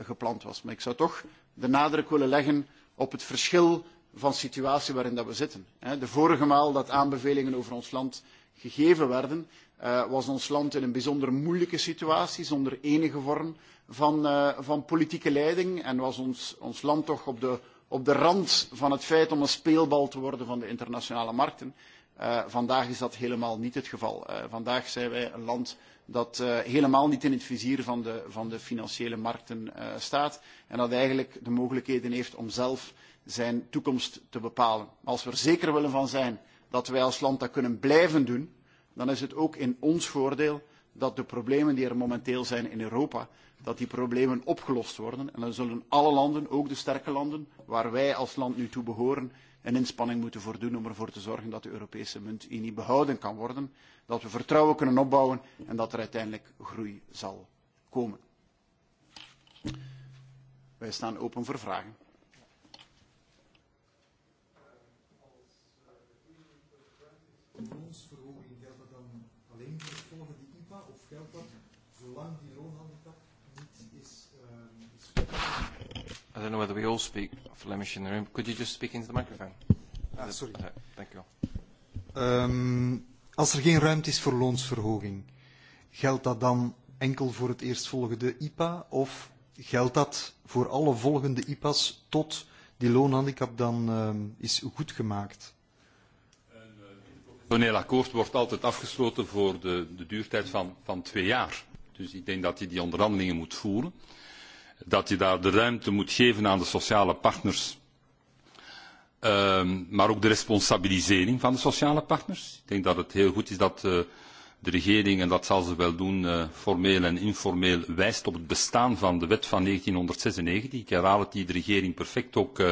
gepland was. Maar ik zou toch de nadruk willen leggen op het verschil van de situatie waarin we zitten. De vorige maal dat aanbevelingen over ons land gegeven werden, was ons land in een bijzonder moeilijke situatie, zonder enige vorm van, politieke leiding. En was ons, land toch op de, rand van het feit om een speelbal te worden van de internationale markten. vandaag is dat helemaal niet het geval. vandaag zijn wij een land dat helemaal niet in het vizier van de, financiële markten staat. En dat eigenlijk de mogelijkheden heeft om zelf zijn toekomst te bepalen. Als we er zeker willen van zijn dat wij als land dat kunnen blijven doen, dan is het ook in ons voordeel dat de problemen die er momenteel zijn in Europa, dat die problemen opgelost worden. En dan zullen alle landen, ook de sterke landen, waar wij als land nu toe behoren, een inspanning moeten voordoen om ervoor te zorgen dat de Europese muntunie behouden kan worden, dat we vertrouwen kunnen opbouwen en dat er uiteindelijk groei zal komen. Wij staan open voor vragen. Als, I don't know whether we all speak Flemish in the room. Could you just speak into the microphone? Ah, sorry. Thank you. Um, als er geen ruimte is voor loonsverhoging, geldt dat dan enkel voor het eerstvolgende IPA of geldt dat voor alle volgende IPA's tot die loonhandicap dan um, is goedgemaakt? Een akkoord wordt altijd afgesloten voor de, de duurtijd van, van twee jaar. Dus ik denk dat je die onderhandelingen moet voeren dat je daar de ruimte moet geven aan de sociale partners, maar ook de responsabilisering van de sociale partners. Ik denk dat het heel goed is dat de regering, en dat zal ze wel doen, formeel en informeel wijst op het bestaan van de wet van 1996. Ik herhaal het, die de regering perfect ook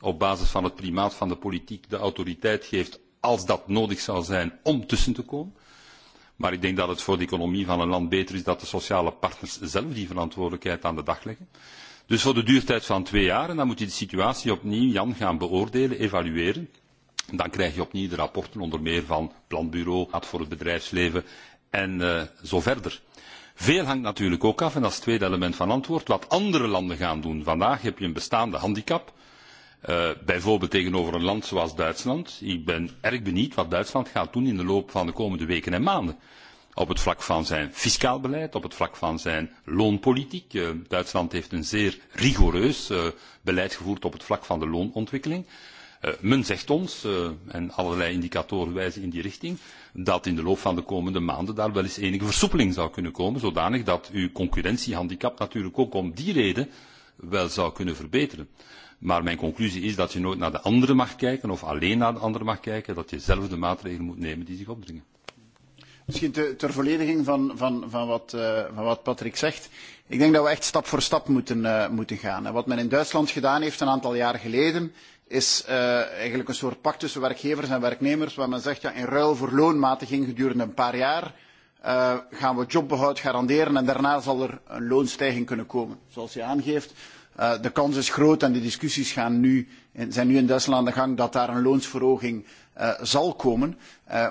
op basis van het primaat van de politiek de autoriteit geeft, als dat nodig zou zijn, om tussen te komen. Maar ik denk dat het voor de economie van een land beter is dat de sociale partners zelf die verantwoordelijkheid aan de dag leggen. Dus voor de duurtijd van twee jaar, en dan moet je de situatie opnieuw, Jan, gaan beoordelen, evalueren. Dan krijg je opnieuw de rapporten, onder meer van Planbureau, Raad voor het Bedrijfsleven en zo verder. Veel hangt natuurlijk ook af, en dat is het tweede element van antwoord, wat andere landen gaan doen. Vandaag heb je een bestaande handicap bijvoorbeeld tegenover een land zoals Duitsland. Ik ben erg benieuwd wat Duitsland gaat doen in de loop van de komende weken en maanden. Op het vlak van zijn fiscaal beleid, op het vlak van zijn loonpolitiek. Duitsland heeft een zeer rigoureus beleid gevoerd op het vlak van de loonontwikkeling. men zegt ons, en allerlei indicatoren wijzen in die richting, dat in de loop van de komende maanden daar wel eens enige versoepeling zou kunnen komen, zodanig dat uw concurrentiehandicap natuurlijk ook om die reden wel zou kunnen verbeteren. Maar mijn conclusie is dat je nooit naar de anderen mag kijken of alleen naar de anderen mag kijken, dat je zelf de maatregelen moet nemen die zich opdringen. Misschien ter vollediging van, wat, Patrick zegt. Ik denk dat we echt stap voor stap moeten, gaan. Wat men in Duitsland gedaan heeft een aantal jaar geleden, is eigenlijk een soort pact tussen werkgevers en werknemers, waar men zegt, ja, in ruil voor loonmatiging gedurende een paar jaar gaan we jobbehoud garanderen en daarna zal er een loonstijging kunnen komen. Zoals je aangeeft, de kans is groot en de discussies zijn nu in Duitsland aan de gang dat daar een loonsverhoging zal komen.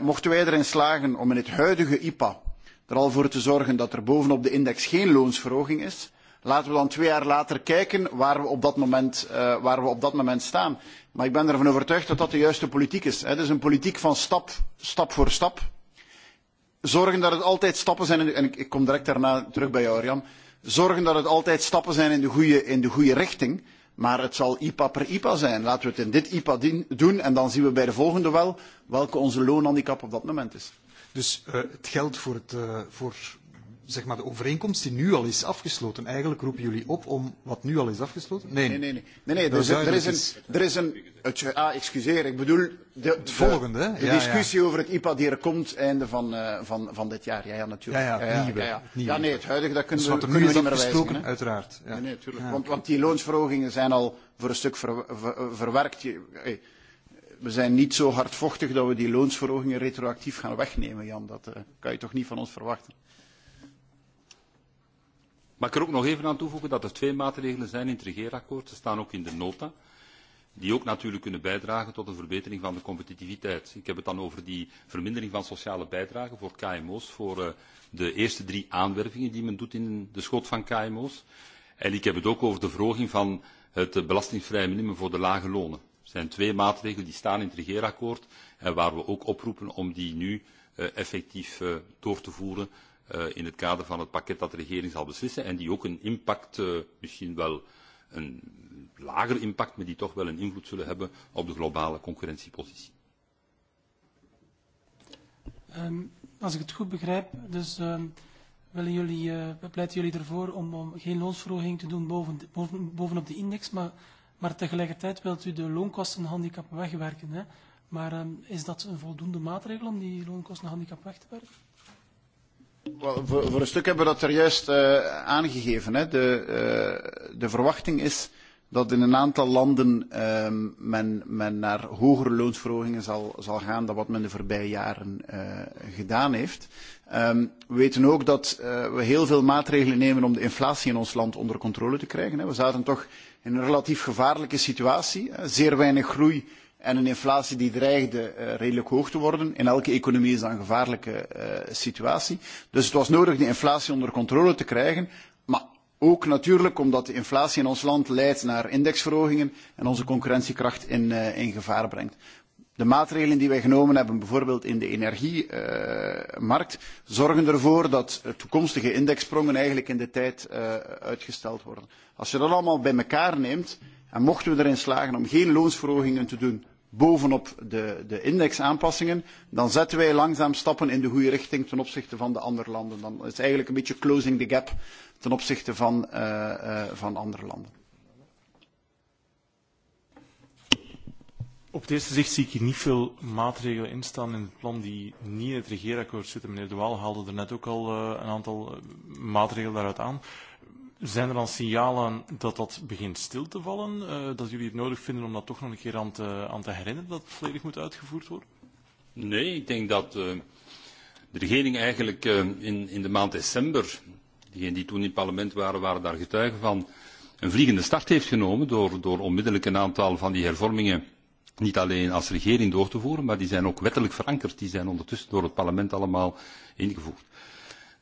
mochten wij erin slagen om in het huidige IPA er al voor te zorgen dat er bovenop de index geen loonsverhoging is, laten we dan twee jaar later kijken waar we op dat moment, staan. Maar ik ben ervan overtuigd dat dat de juiste politiek is. Het is een politiek van stap, stap voor stap. Zorgen dat het altijd stappen zijn. En ik, kom direct daarna terug bij jou, Arjan zorgen dat het altijd stappen zijn in de goede richting. Maar het zal IPA per IPA zijn. Laten we het in dit IPA doen en dan zien we bij de volgende wel welke onze loonhandicap op dat moment is. Dus het geld voor, zeg maar, de overeenkomst die nu al is afgesloten. Eigenlijk roepen jullie op om wat nu al is afgesloten? Nee, nee, nee. nee. nee, nee er, is, er, is een, er is een... Ah, excuseer, ik bedoel... De, de volgende, De, de ja, discussie ja. over het IPA die er komt einde van, uh, van, van dit jaar. Ja, ja natuurlijk. Ja, ja, ja, nieuwe. Ja, ja. ja nee, het huidige, dat kunnen dus we, kunnen we niet meer wijzigen. uiteraard. Ja. Nee, nee, natuurlijk. Ja. Want, want die loonsverhogingen zijn al voor een stuk ver, ver, verwerkt. Hey we zijn niet zo hardvochtig dat we die loonsverhogingen retroactief gaan wegnemen, Jan. Dat kan je toch niet van ons verwachten. Maar ik er ook nog even aan toevoegen dat er twee maatregelen zijn in het regeerakkoord. Ze staan ook in de nota. Die ook natuurlijk kunnen bijdragen tot een verbetering van de competitiviteit. Ik heb het dan over die vermindering van sociale bijdragen voor KMO's. Voor de eerste drie aanwervingen die men doet in de schot van KMO's. En ik heb het ook over de verhoging van het belastingvrij minimum voor de lage lonen. Dat zijn twee maatregelen die staan in het regeerakkoord en waar we ook oproepen om die nu effectief door te voeren in het kader van het pakket dat de regering zal beslissen en die ook een impact, misschien wel een lager impact, maar die toch wel een invloed zullen hebben op de globale concurrentiepositie. als ik het goed begrijp, dus willen jullie, pleiten jullie ervoor om, om geen loonsverhoging te doen boven, boven, bovenop de index, maar, maar tegelijkertijd wilt u de loonkostenhandicap wegwerken. Hè? Maar um, is dat een voldoende maatregel om die loonkostenhandicap weg te werken? Voor, een stuk hebben we dat er juist aangegeven. Hè. De, verwachting is dat in een aantal landen men, naar hogere loonsverhogingen zal, gaan dan wat men de voorbije jaren gedaan heeft. we weten ook dat we heel veel maatregelen nemen om de inflatie in ons land onder controle te krijgen. We zaten toch in een relatief gevaarlijke situatie. Zeer weinig groei en een inflatie die dreigde redelijk hoog te worden. In elke economie is dat een gevaarlijke situatie. Dus het was nodig de inflatie onder controle te krijgen. Maar ook natuurlijk omdat de inflatie in ons land leidt naar indexverhogingen en onze concurrentiekracht in, gevaar brengt. De maatregelen die wij genomen hebben, bijvoorbeeld in de energiemarkt, zorgen ervoor dat toekomstige indexsprongen eigenlijk in de tijd uitgesteld worden. Als je dat allemaal bij elkaar neemt, en mochten we erin slagen om geen loonsverhogingen te doen bovenop de, indexaanpassingen, dan zetten wij langzaam stappen in de goede richting ten opzichte van de andere landen. Dan is het eigenlijk een beetje closing the gap ten opzichte van, andere landen. Op het eerste zicht zie ik hier niet veel maatregelen in staan in het plan die niet in het regeerakkoord zitten. Meneer De Waal haalde er net ook al een aantal maatregelen daaruit aan. Zijn er al signalen dat dat begint stil te vallen? Uh, dat jullie het nodig vinden om dat toch nog een keer aan te, aan te herinneren dat het volledig moet uitgevoerd worden? Nee, ik denk dat uh, de regering eigenlijk uh, in, in de maand december, diegenen die toen in het parlement waren, waren daar getuigen van, een vliegende start heeft genomen door, door onmiddellijk een aantal van die hervormingen niet alleen als regering door te voeren, maar die zijn ook wettelijk verankerd. Die zijn ondertussen door het parlement allemaal ingevoerd.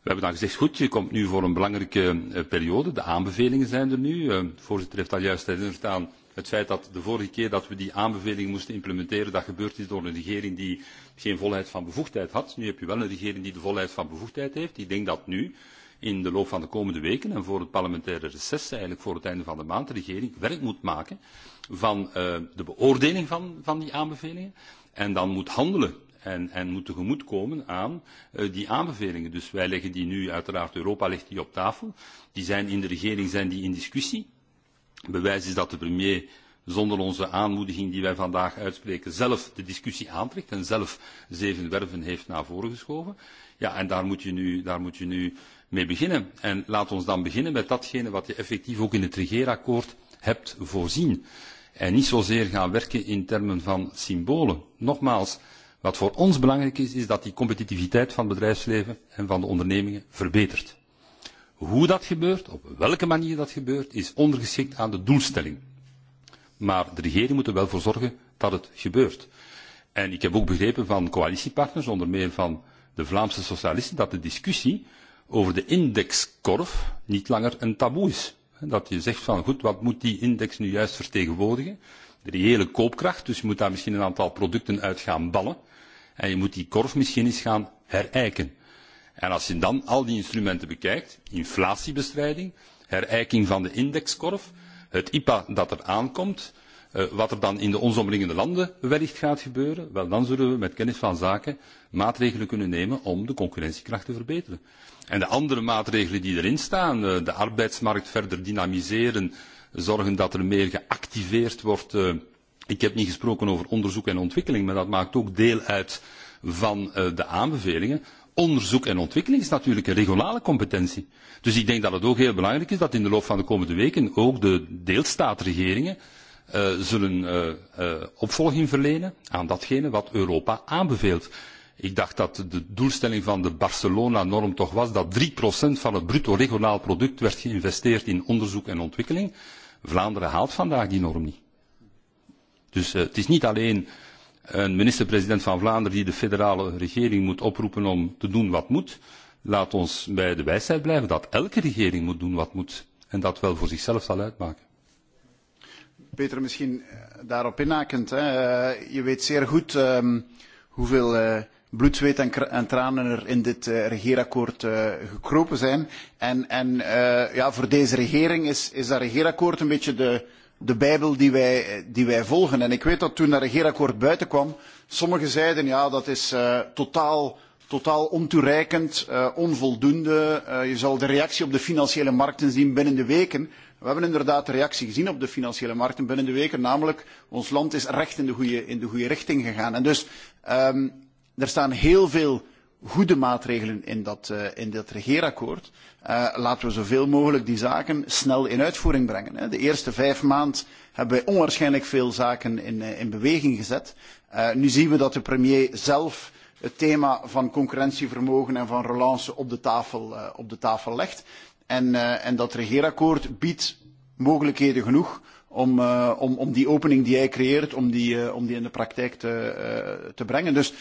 We hebben dan gezegd, goed, je komt nu voor een belangrijke periode. De aanbevelingen zijn er nu. De voorzitter heeft al juist herinnerd aan het feit dat de vorige keer dat we die aanbevelingen moesten implementeren, dat gebeurd is door een regering die geen volheid van bevoegdheid had. Nu heb je wel een regering die de volheid van bevoegdheid heeft. Ik denk dat nu, in de loop van de komende weken en voor het parlementaire reces, eigenlijk voor het einde van de maand, de regering werk moet maken van de beoordeling van die aanbevelingen. En dan moet handelen en, en moet tegemoetkomen aan uh, die aanbevelingen. Dus wij leggen die nu uiteraard, Europa legt die op tafel. Die zijn in de regering zijn die in discussie. Bewijs is dat de premier zonder onze aanmoediging die wij vandaag uitspreken zelf de discussie aantrekt en zelf zeven werven heeft naar voren geschoven. Ja, en daar moet je nu, daar moet je nu mee beginnen. En laat ons dan beginnen met datgene wat je effectief ook in het regeerakkoord hebt voorzien. En niet zozeer gaan werken in termen van symbolen. Nogmaals, Wat voor ons belangrijk is, is dat die competitiviteit van het bedrijfsleven en van de ondernemingen verbetert. Hoe dat gebeurt, op welke manier dat gebeurt, is ondergeschikt aan de doelstelling. Maar de regering moet er wel voor zorgen dat het gebeurt. En ik heb ook begrepen van coalitiepartners, onder meer van de Vlaamse socialisten, dat de discussie over de indexkorf niet langer een taboe is. Dat je zegt van goed, wat moet die index nu juist vertegenwoordigen? De reële koopkracht, dus je moet daar misschien een aantal producten uit gaan ballen En je moet die korf misschien eens gaan herijken. En als je dan al die instrumenten bekijkt, inflatiebestrijding, herijking van de indexkorf, het IPA dat er aankomt, wat er dan in de ons omringende landen wellicht gaat gebeuren, wel dan zullen we met kennis van zaken maatregelen kunnen nemen om de concurrentiekracht te verbeteren. En de andere maatregelen die erin staan, de arbeidsmarkt verder dynamiseren, zorgen dat er meer geactiveerd wordt Ik heb niet gesproken over onderzoek en ontwikkeling, maar dat maakt ook deel uit van de aanbevelingen. Onderzoek en ontwikkeling is natuurlijk een regionale competentie. Dus ik denk dat het ook heel belangrijk is dat in de loop van de komende weken ook de deelstaatregeringen zullen opvolging verlenen aan datgene wat Europa aanbeveelt. Ik dacht dat de doelstelling van de Barcelona-norm toch was dat 3% van het bruto regionaal product werd geïnvesteerd in onderzoek en ontwikkeling. Vlaanderen haalt vandaag die norm niet. Dus het is niet alleen een minister-president van Vlaanderen die de federale regering moet oproepen om te doen wat moet. Laat ons bij de wijsheid blijven dat elke regering moet doen wat moet en dat wel voor zichzelf zal uitmaken. Peter, misschien daarop inhakend. Je weet zeer goed hoeveel bloed, zweet en, tranen er in dit regeerakkoord gekropen zijn. En, voor deze regering is, dat regeerakkoord een beetje de, de Bijbel die wij, die wij volgen. En ik weet dat toen dat regeerakkoord buiten kwam, sommigen zeiden ja, dat is uh, totaal, totaal ontoereikend, uh, onvoldoende. Uh, je zal de reactie op de financiële markten zien binnen de weken. We hebben inderdaad de reactie gezien op de financiële markten binnen de weken, namelijk ons land is recht in de goede, in de goede richting gegaan. En dus um, er staan heel veel goede maatregelen in dat, in dat regeerakkoord. laten we zoveel mogelijk die zaken snel in uitvoering brengen. De eerste vijf maanden hebben wij onwaarschijnlijk veel zaken in, beweging gezet. nu zien we dat de premier zelf het thema van concurrentievermogen en van relance op de tafel, op de tafel legt. En, dat regeerakkoord biedt mogelijkheden genoeg om, die opening die hij creëert, om die, in de praktijk te, brengen. Dus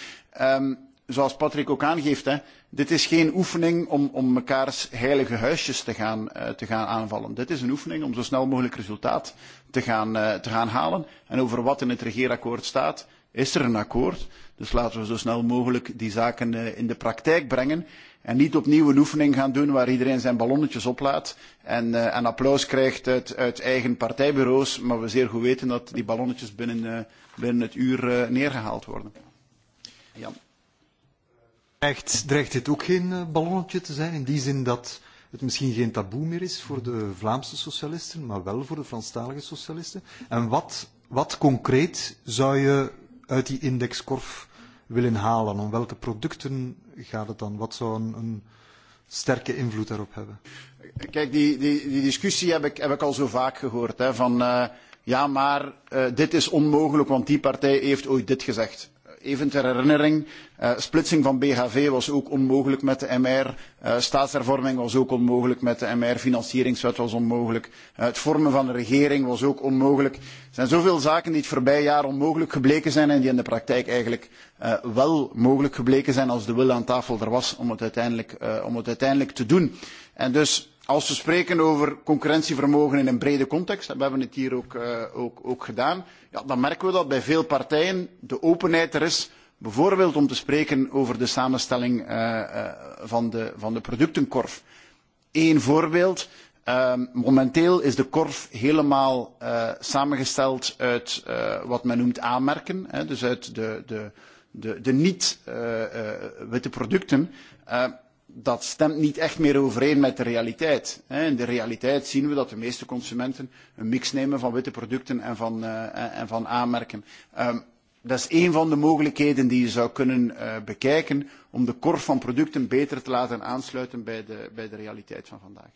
zoals Patrick ook aangeeft, hè, dit is geen oefening om, om mekaars heilige huisjes te gaan, uh, te gaan aanvallen. Dit is een oefening om zo snel mogelijk resultaat te gaan, uh, te gaan halen. En over wat in het regeerakkoord staat, is er een akkoord. Dus laten we zo snel mogelijk die zaken uh, in de praktijk brengen. En niet opnieuw een oefening gaan doen waar iedereen zijn ballonnetjes oplaat en, uh, en applaus krijgt uit, uit eigen partijbureaus. Maar we zeer goed weten dat die ballonnetjes binnen, uh, binnen het uur uh, neergehaald worden. Jan. Echt, dreigt dit ook geen ballonnetje te zijn, in die zin dat het misschien geen taboe meer is voor de Vlaamse socialisten, maar wel voor de Franstalige socialisten? En wat, wat concreet zou je uit die indexkorf willen halen? Om welke producten gaat het dan? Wat zou een, een sterke invloed daarop hebben? Kijk, die, die, die discussie heb ik, heb ik al zo vaak gehoord. Hè, van, uh, ja, maar uh, dit is onmogelijk, want die partij heeft ooit dit gezegd even ter herinnering, splitsing van BHV was ook onmogelijk met de MR, staatshervorming was ook onmogelijk met de MR, financieringswet was onmogelijk, het vormen van een regering was ook onmogelijk. Er zijn zoveel zaken die het voorbije jaar onmogelijk gebleken zijn en die in de praktijk eigenlijk wel mogelijk gebleken zijn als de wil aan tafel er was om het uiteindelijk, te doen. En dus Als we spreken over concurrentievermogen in een brede context, en we hebben het hier ook, gedaan, dan merken we dat bij veel partijen de openheid er is, bijvoorbeeld om te spreken over de samenstelling van, de, productenkorf. Eén voorbeeld. momenteel is de korf helemaal samengesteld uit wat men noemt aanmerken, dus uit de, niet-witte producten dat stemt niet echt meer overeen met de realiteit. In de realiteit zien we dat de meeste consumenten een mix nemen van witte producten en van, en van aanmerken. dat is een van de mogelijkheden die je zou kunnen bekijken om de korf van producten beter te laten aansluiten bij de, bij de realiteit van vandaag.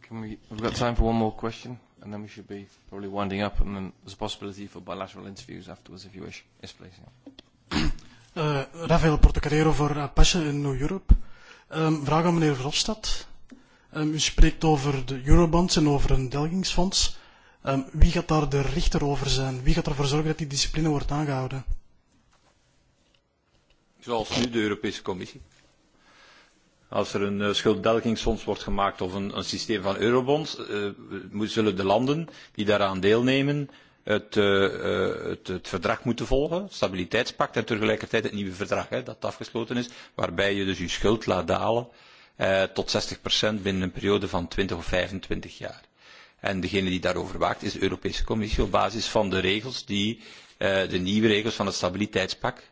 Can we, we've got time for one more question, and then we should be probably winding up, and then there's a possibility for bilateral interviews afterwards if you wish. Yes, please. Yeah. Uh, Rafael Portocarrero voor Passion in New Europe. Um, vraag aan meneer Verhofstadt. Um, u spreekt over de eurobonds en over een delgingsfonds. Um, wie gaat daar de richter over zijn? Wie gaat ervoor zorgen dat die discipline wordt aangehouden? Zoals nu de Europese Commissie. Als er een uh, schulddelgingsfonds wordt gemaakt of een, een systeem van eurobonds, uh, zullen de landen die daaraan deelnemen het, verdrag moeten volgen, het stabiliteitspact en tegelijkertijd het nieuwe verdrag dat afgesloten is, waarbij je dus je schuld laat dalen tot zestig procent binnen een periode van twintig of vijfentwintig jaar. En degene die daarover waakt is de Europese Commissie op basis van de regels die, de nieuwe regels van het stabiliteitspact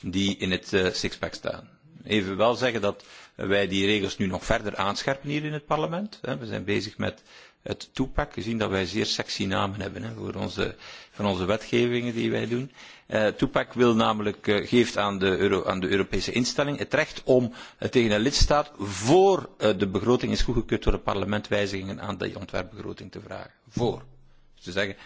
die in het sixpack staan. Even wel zeggen dat wij die regels nu nog verder aanscherpen hier in het parlement. We zijn bezig met het toepak, gezien dat wij zeer sexy namen hebben hè, voor, onze, voor onze wetgevingen die wij doen. Uh, toepak wil namelijk, uh, geeft aan de, Euro, aan de Europese instelling het recht om uh, tegen een lidstaat voor uh, de begroting is goedgekeurd door het parlement wijzigingen aan die ontwerpbegroting te vragen. Voor. Dus te zeggen,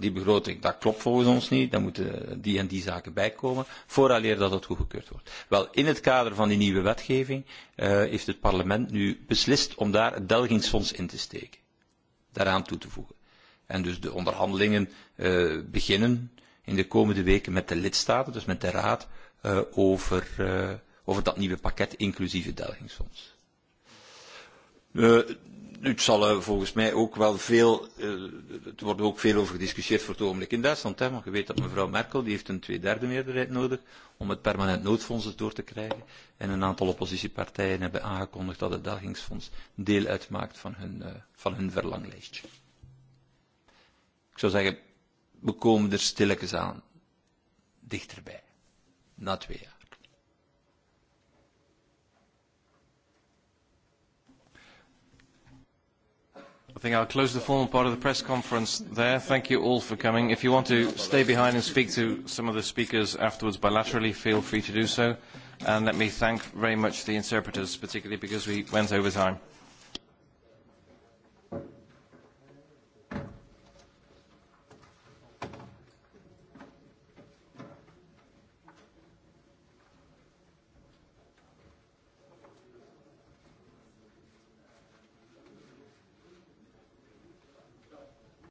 die begroting, dat klopt volgens ons niet, dan moeten die en die zaken bij komen, vooraleer dat het goedgekeurd wordt. Wel, in het kader van die nieuwe wetgeving uh, heeft het parlement nu beslist om daar het Delgingsfonds in te steken daaraan toe te voegen. En dus de onderhandelingen uh, beginnen in de komende weken met de lidstaten, dus met de Raad, uh, over, uh, over dat nieuwe pakket inclusieve delgingsfonds. Uh, het zal er volgens mij ook wel veel, er wordt ook veel over gediscussieerd voor het ogenblik in Duitsland. Hè, want je weet dat mevrouw Merkel, die heeft een tweederde meerderheid nodig om het permanent noodfonds door te krijgen. En een aantal oppositiepartijen hebben aangekondigd dat het dagingsfonds deel uitmaakt van hun, van hun verlanglijstje. Ik zou zeggen, we komen er stilletjes aan dichterbij. Na twee jaar. I think I'll close the formal part of the press conference there. Thank you all for coming. If you want to stay behind and speak to some of the speakers afterwards bilaterally, feel free to do so. And let me thank very much the interpreters, particularly because we went over time.